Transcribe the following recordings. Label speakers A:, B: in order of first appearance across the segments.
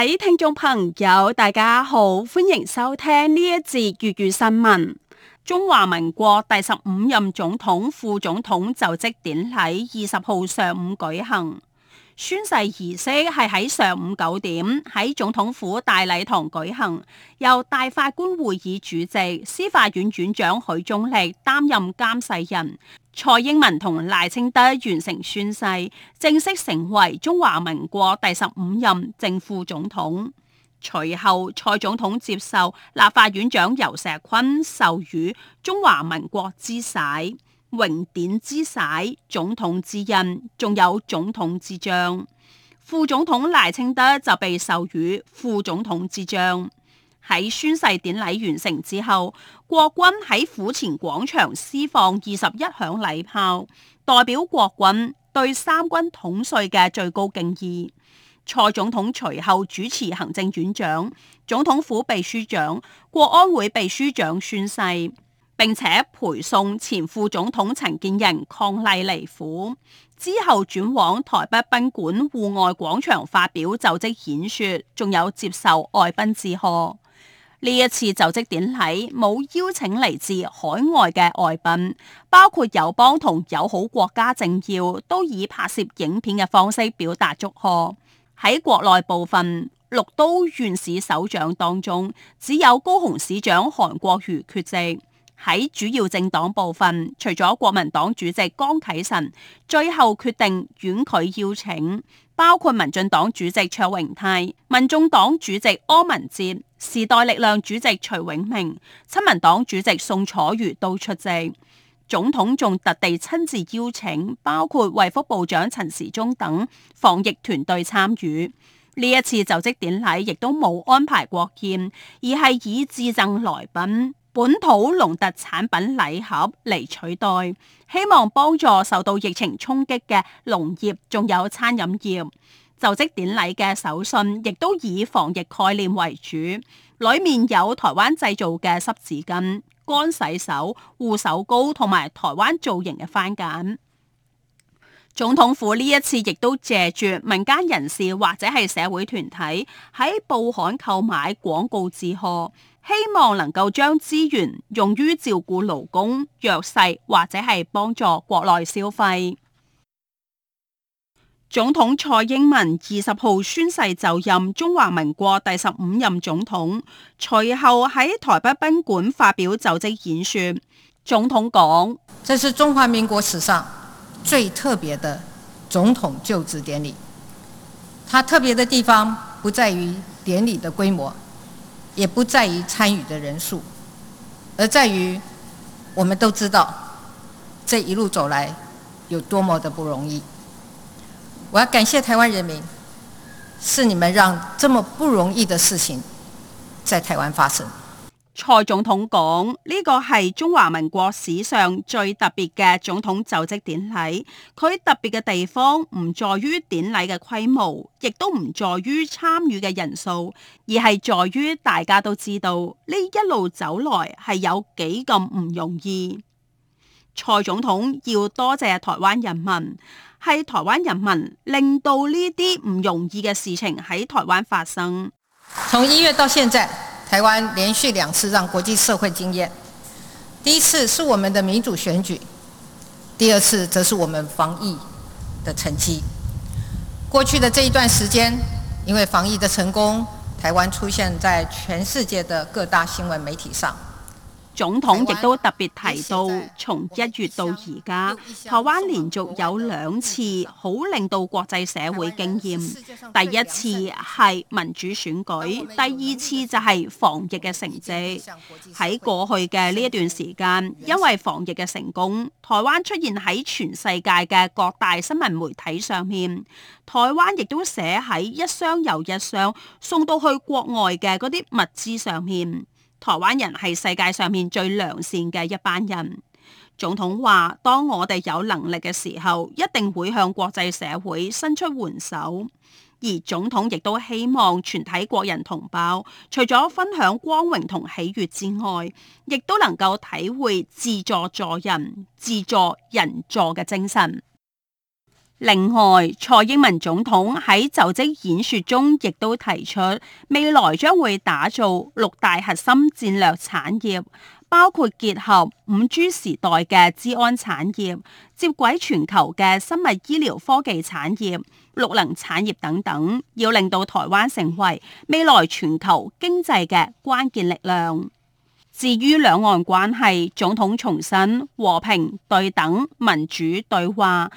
A: 位聽眾朋友，大家好，歡迎收聽呢一節粵語新聞。中華民國第十五任總統、副總統就職典禮二十號上午舉行。宣誓儀式係喺上午九點喺總統府大禮堂舉行，由大法官會議主席、司法院院長許宗力擔任監誓人，蔡英文同賴清德完成宣誓，正式成為中華民國第十五任正副總統。隨後，蔡總統接受立法院長游錫堃授予中華民國之璽。榮典之璽、總統之印，仲有總統之章。副總統賴清德就被授予副總統之章。喺宣誓典禮完成之後，國軍喺府前廣場施放二十一響禮炮，代表國軍對三軍統帥嘅最高敬意。蔡總統隨後主持行政院長、總統府秘書長、國安會秘書長宣誓。並且陪送前副總統陳建仁伉儷離府之後，轉往台北賓館戶外廣場發表就職演說，仲有接受外賓致賀。呢一次就職典禮冇邀請嚟自海外嘅外賓，包括友邦同友好國家政要都以拍攝影片嘅方式表達祝賀。喺國內部分六都縣市首長當中，只有高雄市長韓國瑜缺席。喺主要政黨部分，除咗國民黨主席江啟臣，最後決定婉拒邀請，包括民進黨主席卓榮泰、民眾黨主席柯文哲、時代力量主席徐永明、親民黨主席宋楚瑜都出席。總統仲特地親自邀請，包括衛福部長陳時中等防疫團隊參與。呢一次就職典禮亦都冇安排國宴，而係以致贈來賓本土農特產品禮盒嚟取代，希望幫助受到疫情衝擊嘅農業，仲有餐飲業就職典禮嘅手信，亦都以防疫概念為主，裏面有台灣製造嘅濕紙巾、乾洗手、護手膏同埋台灣造型嘅番梘。總統府呢一次亦都借住民間人士或者係社會團體喺報刊購買廣告致賀。希望能夠將資源用於照顧勞工、弱勢或者係幫助國內消費。總統蔡英文二十號宣誓就任中華民國第十五任總統，隨後喺台北賓館發表就職演說。總統講：這是中華民國史上最特別的總統就職典禮。他特別的地方不在於典禮的規模。也不在於參與的人數，而在於我們都知道，這一路走來有多麼的不容易。我要感謝台灣人民，是你們讓這麼不容易的事情，在台灣發生。蔡總統講：呢個係中華民國史上最特別嘅總統就職典禮。佢特別嘅地方唔在於典禮嘅規模，亦都唔在於參與嘅人數，而係在於大家都知道，呢一路走來係有幾咁唔容易。蔡總統要多謝台灣人民，係台灣人民令到呢啲唔容易嘅事情喺台灣發生。從一月到現在。台灣連續兩次讓國際社會驚艷，第一次是我們的民主選舉，第二次則是我們防疫的成績。過去的這一段時間，因為防疫的成功，台灣出現在全世界的各大新聞媒體上。總統亦都特別提到，從一月到而家，台灣連續有兩次好令到國際社會驚豔。第一次係民主選舉，第二次就係防疫嘅成績。喺過去嘅呢一段時間，因為防疫嘅成功，台灣出現喺全世界嘅各大新聞媒體上面。台灣亦都寫喺一箱又一箱送到去國外嘅嗰啲物資上面。台灣人係世界上面最良善嘅一班人。總統話：當我哋有能力嘅時候，一定會向國際社會伸出援手。而總統亦都希望全體國人同胞，除咗分享光榮同喜悦之外，亦都能夠體會自助助人、自助人助嘅精神。另外，蔡英文總統喺就職演說中亦都提出，未來將會打造六大核心戰略產業，包括結合五 G 時代嘅資安產業、接軌全球嘅生物醫療科技產業、綠能產業等等，要令到台灣成為未來全球經濟嘅關鍵力量。至於兩岸關係，總統重申和平、對等、民主對話。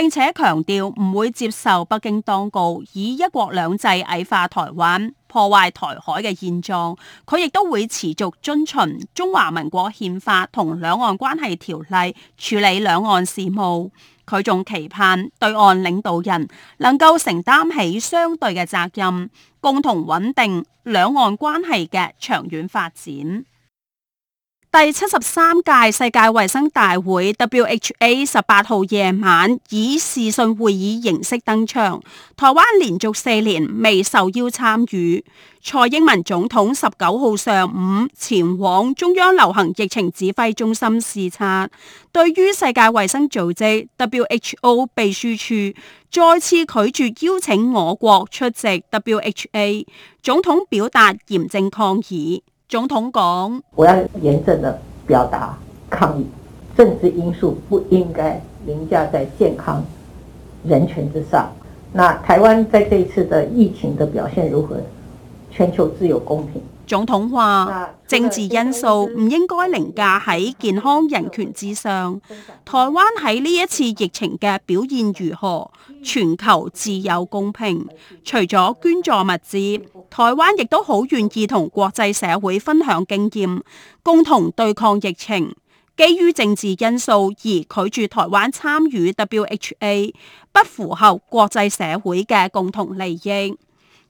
A: 並且強調唔會接受北京當局以一國兩制矮化台灣，破壞台海嘅現狀。佢亦都會持續遵循中華民國憲法同兩岸關係條例處理兩岸事務。佢仲期盼對岸領導人能夠承擔起相對嘅責任，共同穩定兩岸關係嘅長遠發展。第七十三屆世界衛生大會 （WHA） 十八號夜晚以視訊會議形式登場。台灣連續四年未受邀參與。蔡英文總統十九號上午前往中央流行疫情指揮中心視察。對於世界衛生組織 （WHO） 秘書處再次拒絕邀請我國出席 WHA，總統表達嚴正抗議。總統講，我要嚴正的表達抗議，政治因素不應該凌駕在健康人權之上。那台灣在這一次的疫情的表現如何？全球自有公平。總統話：政治因素唔應該凌駕喺健康人權之上。台灣喺呢一次疫情嘅表現如何？全球自有公評。除咗捐助物資，台灣亦都好願意同國際社會分享經驗，共同對抗疫情。基於政治因素而拒絕台灣參與 WHO，不符合國際社會嘅共同利益。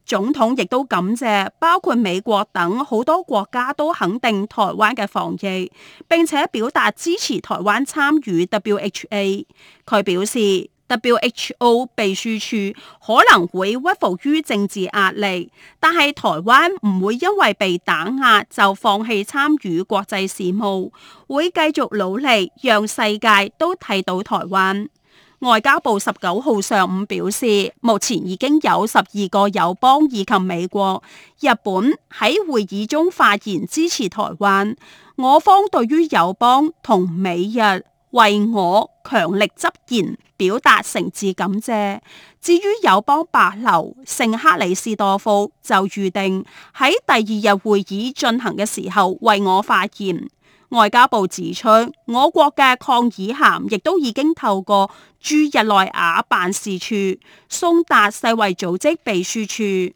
A: 總統亦都感謝包括美國等好多國家都肯定台灣嘅防疫，並且表達支持台灣參與 WHO。佢表示，WHO 秘書處可能會屈服於政治壓力，但係台灣唔會因為被打壓就放棄參與國際事務，會繼續努力，讓世界都睇到台灣。外交部十九號上午表示，目前已經有十二個友邦以及美國、日本喺會議中發言支持台灣。我方對於友邦同美日為我強力執言，表達誠摯感謝。至於友邦帛琉聖克里斯多福就預定喺第二日會議進行嘅時候為我發言。外交部指出，我國嘅抗議函亦都已經透過駐日內瓦辦事處送達世衛組織秘書處。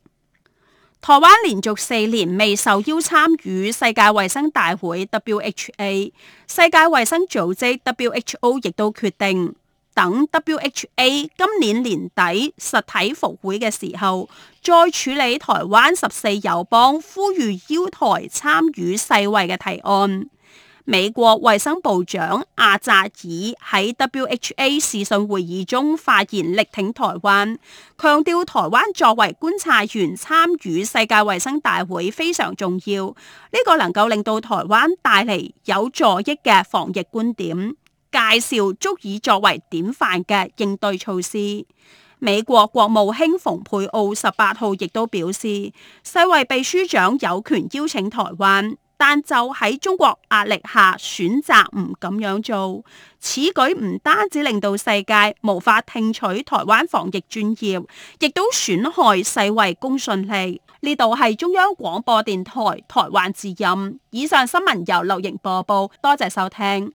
A: 台灣連續四年未受邀參與世界衛生大會 w h o 世界衛生組織 （WHO） 亦都決定等 w h o 今年年底實體復會嘅時候，再處理台灣十四友邦呼籲邀台參與世衛嘅提案。美國衛生部長阿扎爾喺 WHA 視訊會議中發言力挺台灣，強調台灣作為觀察員參與世界衛生大會非常重要，呢、這個能夠令到台灣帶嚟有助益嘅防疫觀點，介紹足以作為典範嘅應對措施。美國國務卿蓬佩奧十八號亦都表示，世衛秘書長有權邀請台灣。但就喺中國壓力下，選擇唔咁樣做，此舉唔單止令到世界無法聽取台灣防疫專業，亦都損害世衛公信力。呢度係中央廣播電台台灣之音，以上新聞由陸瑩播報，多謝收聽。